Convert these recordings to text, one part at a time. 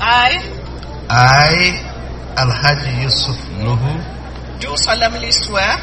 I. I, Alhaji Yusuf Nuhu. Do solemnly swear.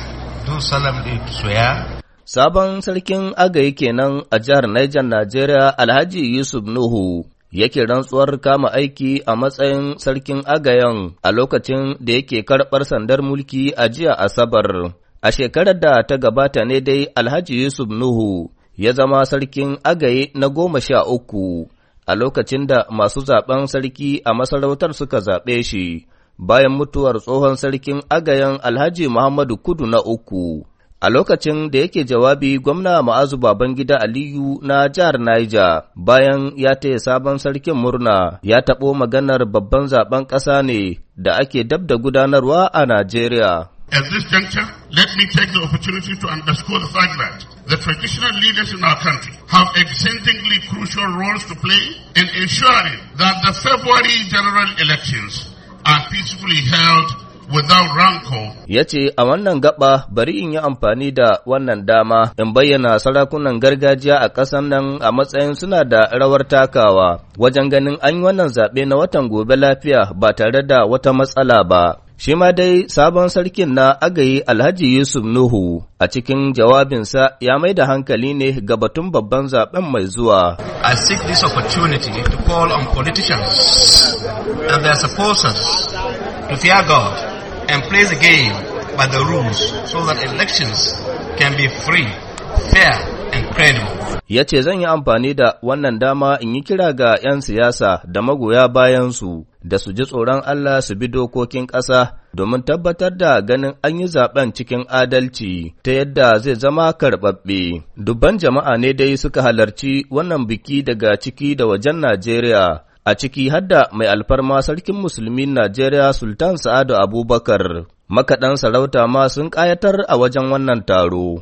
Do solemnly swear. Sabon sarkin agayi kenan a jihar Niger, Najeriya, Alhaji Yusuf Nuhu. yake rantsuwar kama aiki a matsayin sarkin agayan a lokacin da yake karɓar sandar mulki a jiya Asabar. A shekarar da ta gabata ne dai Alhaji Yusuf Nuhu ya zama sarkin agaye na goma sha uku a lokacin da masu zaben sarki a masarautar suka zaɓe shi bayan mutuwar tsohon sarkin agayen Alhaji Muhammadu Kudu na uku. A lokacin da yake jawabi gwamna ma'azu Babangida Aliyu na jihar Niger bayan ya taya sabon sarkin murna ya taɓo maganar babban zaben ƙasa ne da ake dab da gudanarwa a Najeriya. At this juncture, let me take the opportunity to underscore the fact that the traditional leaders in our country have exceedingly crucial roles to play in ensuring that the February general elections are peacefully held Ya ce a wannan gaba bari in yi amfani da wannan dama in bayyana sarakunan gargajiya a ƙasar nan a matsayin suna da rawar takawa wajen ganin an yi wannan zaɓe na watan gobe lafiya ba tare da wata matsala ba. Shi ma dai sabon sarkin na agayi Alhaji Yusuf Nuhu a cikin jawabinsa ya mai da hankali ne ga batun babban zaben mai zuwa. I seek this opportunity to call on politicians and their supporters to fear God and play the game by the rules so that elections can be free fair Ya ce zan yi amfani da wannan dama in yi kira ga 'yan siyasa da magoya bayansu da su ji tsoron Allah su bi dokokin ƙasa domin tabbatar da ganin an yi zaben cikin adalci ta yadda zai zama karɓaɓɓe. Dubban jama'a ne dai suka halarci wannan biki daga ciki da wajen Najeriya. a ciki hadda mai alfarma sarkin musulmi Najeriya Sultan Sa'adu Abubakar, makaɗan sarauta ma sun ƙayatar a wajen wannan taro.